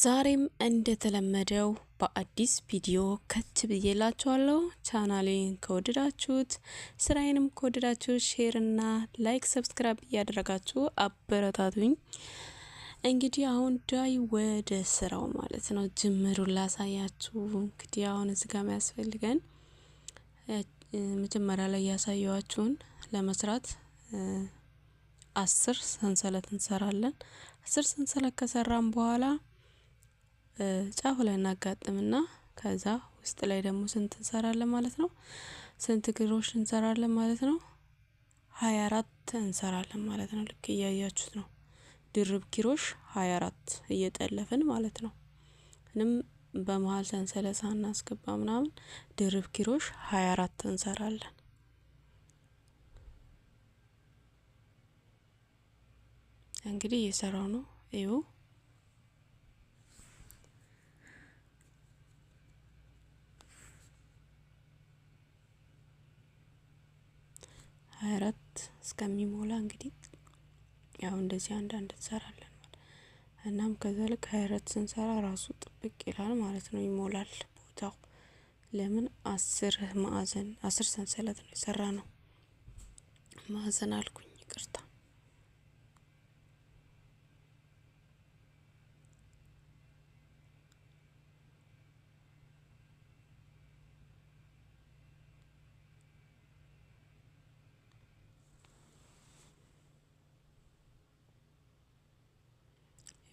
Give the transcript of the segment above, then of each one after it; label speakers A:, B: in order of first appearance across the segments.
A: ዛሬም እንደተለመደው በአዲስ ቪዲዮ ከች ብዬላችኋለሁ። ቻናሌን ከወደዳችሁት ስራዬንም ከወደዳችሁ ሼር ላይክ፣ ሰብስክራይብ እያደረጋችሁ አበረታቱኝ። እንግዲህ አሁን ዳይ ወደ ስራው ማለት ነው ጅምሩን ላሳያችሁ። እንግዲህ አሁን እዚህ ጋር የሚያስፈልገን መጀመሪያ ላይ ያሳየዋችሁን ለመስራት አስር ሰንሰለት እንሰራለን። አስር ሰንሰለት ከሰራን በኋላ ጫፉ ላይ እናጋጥምና ከዛ ውስጥ ላይ ደግሞ ስንት እንሰራለን ማለት ነው? ስንት ክሮሽ እንሰራለን ማለት ነው? ሀያ አራት እንሰራለን ማለት ነው። ልክ እያያችሁት ነው። ድርብ ኪሮሽ ሀያ አራት እየጠለፍን ማለት ነው። ምንም በመሀል ሰንሰለት እናስገባ ምናምን ድርብ ኪሮሽ ሀያ አራት እንሰራለን። እንግዲህ እየሰራው ነው ይኸው እስከሚሞላ እንግዲህ ያው እንደዚህ አንዳንድ እንሰራለን ማለት እናም ከዛ ልክ ሀይረት ስንሰራ ራሱ ጥብቅ ይላል ማለት ነው። ይሞላል ቦታው ለምን አስር ማዕዘን አስር ሰንሰለት ነው የሰራ ነው ማዕዘን አልኩኝ።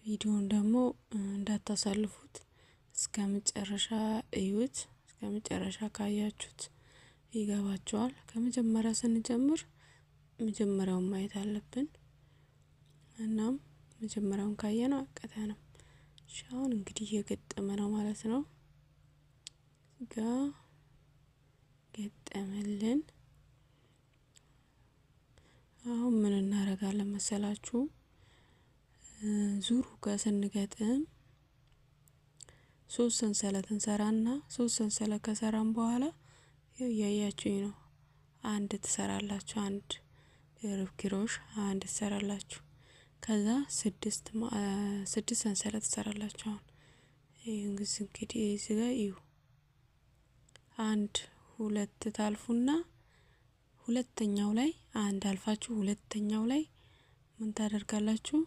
A: ቪዲዮውን ደግሞ እንዳታሳልፉት እስከ መጨረሻ እዩት። እስከ መጨረሻ ካያችሁት ይገባችኋል። ከመጀመሪያ ስንጀምር መጀመሪያውን ማየት አለብን። እናም መጀመሪያውን ካየነው አቀተንም እሺ፣ አሁን እንግዲህ የገጠመ ነው ማለት ነው። ጋ ገጠመልን። አሁን ምን እናደርጋለን መሰላችሁ? ዙሩ ጋር ስንገጥም ሶስት ሰንሰለት እንሰራና ሶስት ሰንሰለት ከሰራን በኋላ እያያችሁኝ ነው። አንድ ትሰራላችሁ፣ አንድ ርብ ኪሮሽ አንድ ትሰራላችሁ። ከዛ ስድስት ስድስት ሰንሰለት ትሰራላችሁ። አሁን እንግዲህ እንግዲህ እዚህ ጋር እዩ። አንድ ሁለት ታልፉና ሁለተኛው ላይ አንድ አልፋችሁ ሁለተኛው ላይ ምን ታደርጋላችሁ?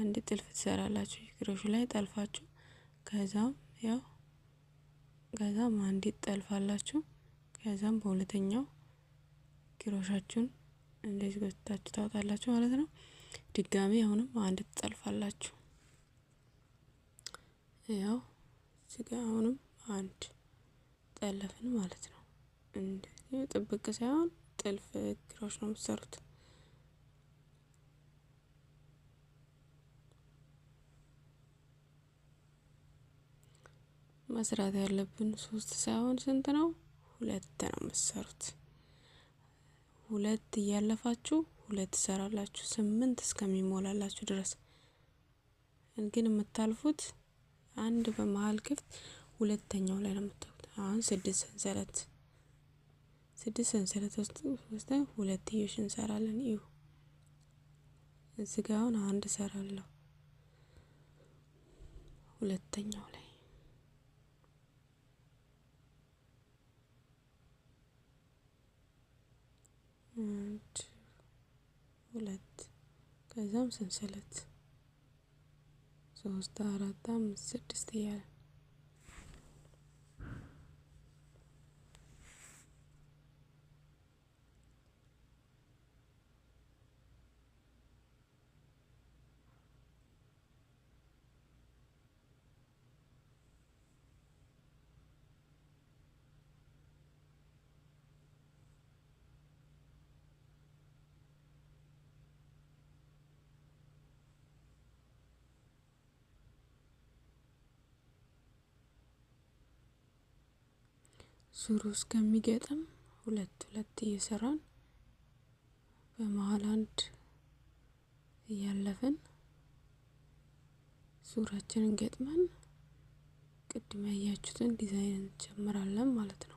A: አንድ ጥልፍ ትሰራላችሁ እግሮቹ ላይ ጠልፋችሁ ከዛም ያው ከዛም አንድ ጠልፋላችሁ ከዛም በሁለተኛው ክሮሻችሁን እንደዚህ ጎትታችሁ ታወጣላችሁ ማለት ነው። ድጋሚ አሁንም አንድ ትጠልፋላችሁ። ያው ስጋ አሁንም አንድ ጠለፍን ማለት ነው። እንደዚህ ጥብቅ ሳይሆን ጥልፍ ክሮሽ ነው የምትሰሩት። መስራት ያለብን ሶስት ሳይሆን ስንት ነው? ሁለት ነው የምትሰሩት። ሁለት እያለፋችሁ ሁለት ትሰራላችሁ ስምንት እስከሚሞላላችሁ ድረስ። ግን የምታልፉት አንድ በመሀል ክፍት ሁለተኛው ላይ ነው የምታልፉት። አሁን ስድስት ሰንሰለት ስድስት ሰንሰለት ውስጥ ወስደን ሁለትዮሽ እንሰራለን። ይሁ እዚህ ጋ አሁን አንድ እሰራለሁ ሁለተኛው ላይ አንድ ሁለት ከዛም ሰንሰለት ሶስት አራት አምስት ስድስት እያለ ዙሩ እስከሚገጥም ሁለት ሁለት እየሰራን በመሀል አንድ እያለፍን ዙራችንን ገጥመን ቅድም ያያችሁትን ዲዛይን እንጀምራለን ማለት ነው።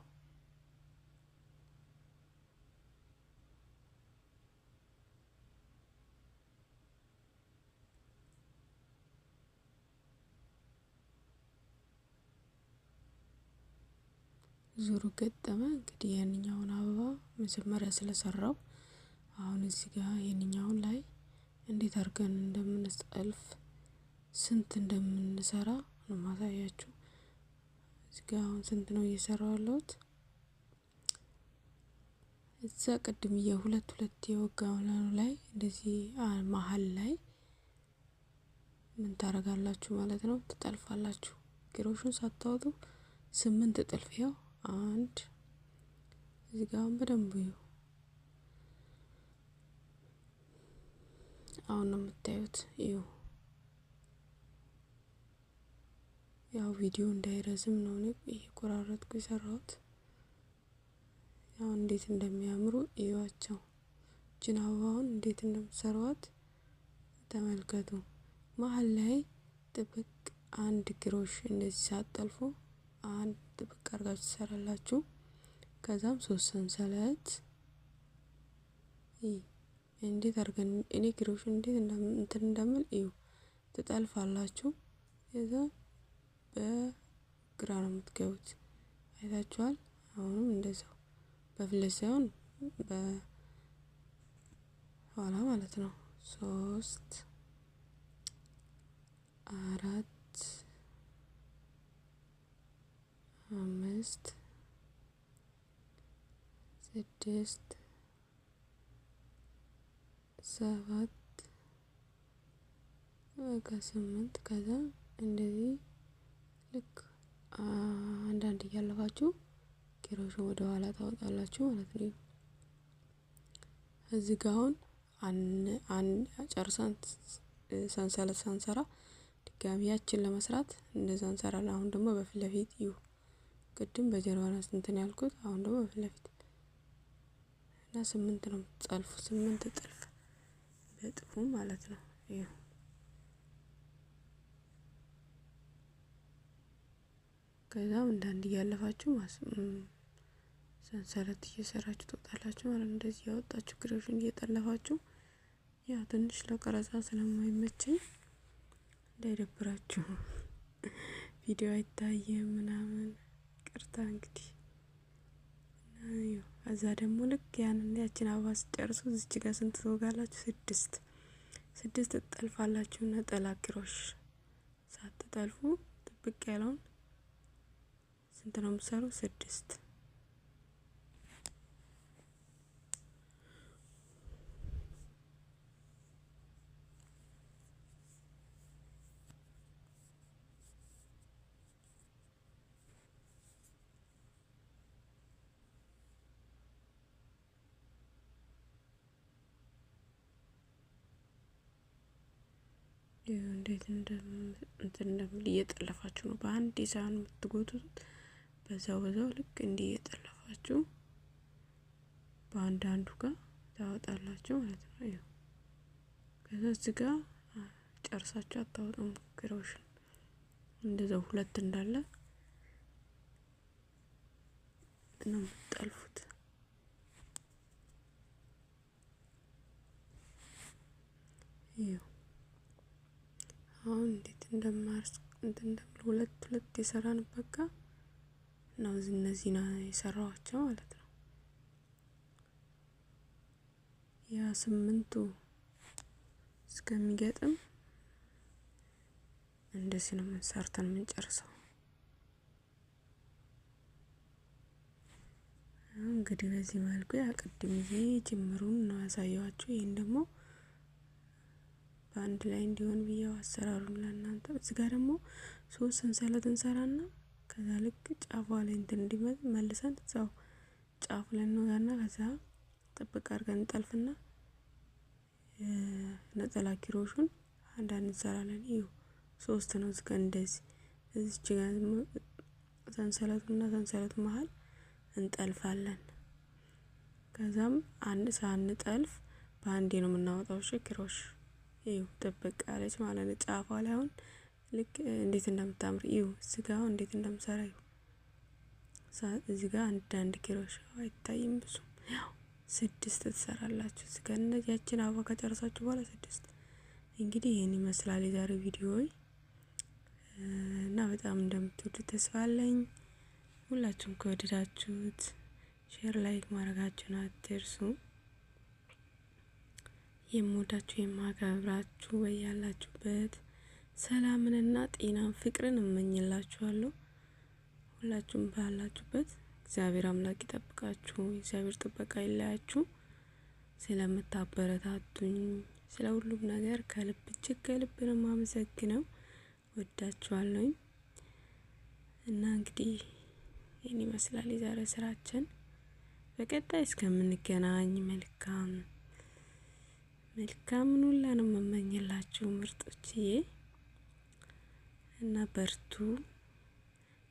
A: ዙሩ ገጠመ እንግዲህ ያንኛውን አበባ መጀመሪያ ስለሰራው አሁን እዚህ ጋር ይህንኛውን ላይ እንዴት አድርገን እንደምንጠልፍ ስንት እንደምንሰራ ነው ማሳያችሁ። እዚህ ጋር አሁን ስንት ነው እየሰራው ያለሁት። እዛ ቅድም የሁለት ሁለት የወጋውናኑ ላይ እንደዚህ መሀል ላይ ምን ታደርጋላችሁ ማለት ነው ትጠልፋላችሁ። ግሮሹን ሳታወጡ ስምንት ጥልፍ ያው አንድ እዚህ ጋር አሁን በደንብ ይሁ አሁን ነው የምታዩት። ይሁ ያው ቪዲዮ እንዳይረዝም ነው እኔ እየቆራረጥኩ የሰራሁት። ያው እንዴት እንደሚያምሩ እዩዋቸው። እችን አበባውን እንዴት እንደምሰሯት ተመልከቱ። መሀል ላይ ጥብቅ አንድ ግሮሽ እንደዚህ ሳጠልፉ አንድ ጥብቅ አርጋችሁ ትሰራላችሁ። ከዛም ሶስት ሰንሰለት እንዴት አርገን እኔ ግሬሽን እንዴት እንትን እንደምል እዩ ትጠልፋላችሁ። ከዛ በግራ ነው የምትገቡት። አይታችኋል። አሁንም እንደዛው በፊት ሳይሆን በኋላ ማለት ነው። ሶስት አራት አምስት ስድስት ሰባት በቃ ስምንት ከዛ እንደዚህ ልክ አንዳንድ እያለፋችሁ ኪሮሽን ወደ ኋላ ታወጣላችሁ ማለት ነው። እዚህ ጋ አሁን ጨርሰን ሰንሰለት ሳንሰራ ድጋሚ ለመስራት እንደዛ እንሰራለን። አሁን ደግሞ በፊት ለፊት ይሁ ቅድም በጀርባ ነው ስንትን ያልኩት አሁን ደግሞ በፊት ለፊት እና ስምንት ነው የምትጻልፉ ስምንት ጥልፍ በጥፉ ማለት ነው። ይኸው ከዛም እንዳንድ እያለፋችሁ ሰንሰለት እየሰራችሁ ትወጣላችሁ ማለት ነው። እንደዚህ ያወጣችሁ ክሬሽን እየጠለፋችሁ ያው ትንሽ ለቀረጻ ስለማይመቸኝ እንዳይደብራችሁ ቪዲዮ አይታየም ምናምን ይቅርታ እንግዲህ እዛ ደግሞ ልክ ያንን ያችን አበባ ስጨርሱ እዚች ጋር ስንት ትወጋላችሁ? ስድስት ስድስት ትጠልፋላችሁና ነጠላ ኪሮሽ ሳትጠልፉ ጥብቅ ያለውን ስንት ነው የምትሰሩ? ስድስት እንዴት እንትን እንደምል እየጠለፋችሁ ነው። በአንድ ሳህን የምትጎትቱት በዛው በዛው ልክ እንዲህ እየጠለፋችሁ በአንዳንዱ አንዱ ጋር ታወጣላችሁ ማለት ነው። ይኸው ከዛ እዚህ ጋር ጨርሳችሁ አታወጡም። ግራዎሽን እንደዛው ሁለት እንዳለ ነው የምትጠልፉት። ይኸው አሁን እንዴት እንደማርስ እንትን እንደምል ሁለት ሁለት የሰራን በቃ ነው እነዚህ ነው የሰራዋቸው ማለት ነው። ያ ስምንቱ እስከሚገጥም እንደዚህ ነው ምን ሰርተን ምን ጨርሰው እንግዲህ በዚህ መልኩ ያቀድም ይሄ ጅምሩን ነው ያሳየዋችሁ። ይህን ደግሞ በአንድ ላይ እንዲሆን ብዬው አሰራሩን ለእናንተ እዚህ ጋር ደግሞ ሶስት ሰንሰለት እንሰራና ከዛ ልክ ጫፏ ላይ እንትን እንዲመጥ መልሰን እዛው ጫፍ ላይ እንወጣና ከዛ ጥብቅ አድርገን እንጠልፍና ነጠላ ኪሮሹን አንዳንድ እንሰራለን። ይሁ ሶስት ነው። እዚህ ጋር እንደዚህ እዚች ጋር ሰንሰለቱና ሰንሰለቱ መሀል እንጠልፋለን። ከዛም አንድ ሳንጠልፍ በአንዴ ነው የምናወጣው። ሽክሮሽ ይኸው ጥብቅ አለች ማለት ነው። ጫፏ ላይ አሁን ልክ እንዴት እንደምታምር ይሁ ስጋው እንዴት እንደምሰራ ይሁ እዚህ ጋር አንድ አንድ ኪሎ ሻዋ አይታይም ብዙም ያው ስድስት ትሰራላችሁ። ስጋ ያችን አበባ ከጨረሳችሁ በኋላ ስድስት እንግዲህ ይህን ይመስላል የዛሬ ቪዲዮ እና በጣም እንደምትወዱት ተስፋ አለኝ። ሁላችሁም ከወደዳችሁት ሼር ላይክ ማድረጋችሁን አትርሱም። የምወዳችሁ የማከብራችሁ ወይ ያላችሁበት ሰላምንና ጤናን ፍቅርን እመኝላችኋለሁ። ሁላችሁም ባላችሁበት እግዚአብሔር አምላክ ይጠብቃችሁ። እግዚአብሔር ጥበቃ ይለያችሁ። ስለምታበረታቱኝ ስለ ሁሉም ነገር ከልብ እጅግ ከልብ ነው የማመሰግነው። ወዳችኋለሁኝ እና እንግዲህ ይህን ይመስላል የዛሬ ስራችን። በቀጣይ እስከምንገናኝ መልካም መልካም ሁላ ነው የምመኝላችሁ ምርጦችዬ እና በርቱ።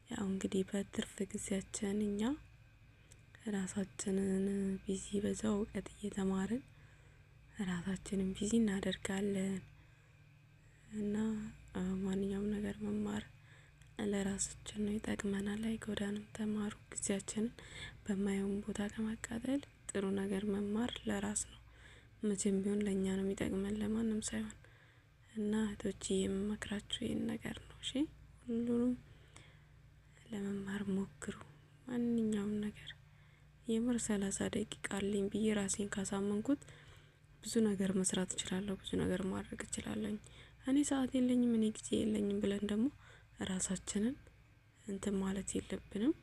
A: ያው እንግዲህ በትርፍ ጊዜያችን እኛ ራሳችንን ቢዚ በዛው እውቀት እየተማርን ራሳችንን ቢዚ እናደርጋለን እና ማንኛውም ነገር መማር ለራሳችን ነው ይጠቅመናል፣ አይጎዳንም። ተማሩ። ጊዜያችንን በማየውም ቦታ ከማቃጠል ጥሩ ነገር መማር ለራስ ነው። መቼም ቢሆን ለእኛ ነው የሚጠቅመን ለማንም ሳይሆን እና እህቶች የምመክራችሁ ይህን ነገር ነው። እሺ ሁሉንም ለመማር ሞክሩ። ማንኛውም ነገር የምር ሰላሳ ደቂቃ አለኝ ብዬ ራሴን ካሳመንኩት ብዙ ነገር መስራት እችላለሁ፣ ብዙ ነገር ማድረግ እችላለሁ። እኔ ሰዓት የለኝም እኔ ጊዜ የለኝም ብለን ደግሞ ራሳችንን እንትን ማለት የለብንም።